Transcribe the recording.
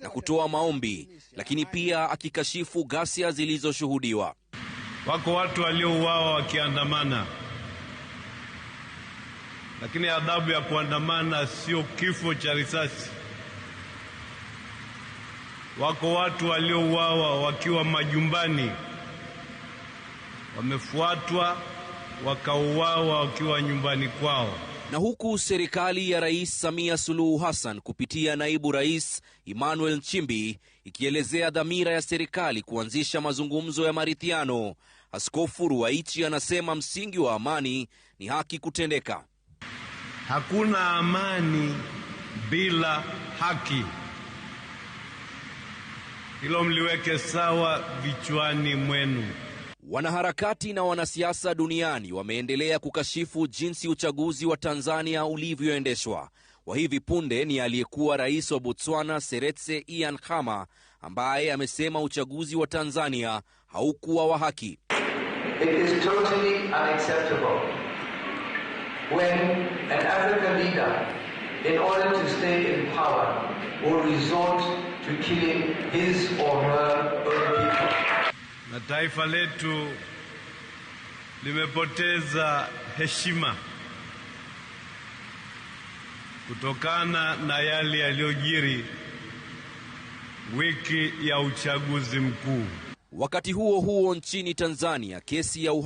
na kutoa maombi, lakini pia akikashifu ghasia zilizoshuhudiwa. Wako watu waliouawa wakiandamana, lakini adhabu ya kuandamana sio kifo cha risasi. Wako watu waliouawa wakiwa majumbani, wamefuatwa wakauawa wakiwa nyumbani kwao. Na huku serikali ya Rais Samia Suluhu Hassan kupitia naibu rais Emmanuel Nchimbi ikielezea dhamira ya serikali kuanzisha mazungumzo ya maridhiano, Askofu Ruwaichi anasema msingi wa amani ni haki kutendeka. Hakuna amani bila haki. Hilo mliweke sawa vichwani mwenu. Wanaharakati na wanasiasa duniani wameendelea kukashifu jinsi uchaguzi wa Tanzania ulivyoendeshwa. Wa hivi punde ni aliyekuwa rais wa Botswana Seretse Ian Khama ambaye amesema uchaguzi wa Tanzania haukuwa wa haki. It is totally na taifa letu limepoteza heshima kutokana na yale yaliyojiri wiki ya uchaguzi mkuu. Wakati huo huo, nchini Tanzania kesi ya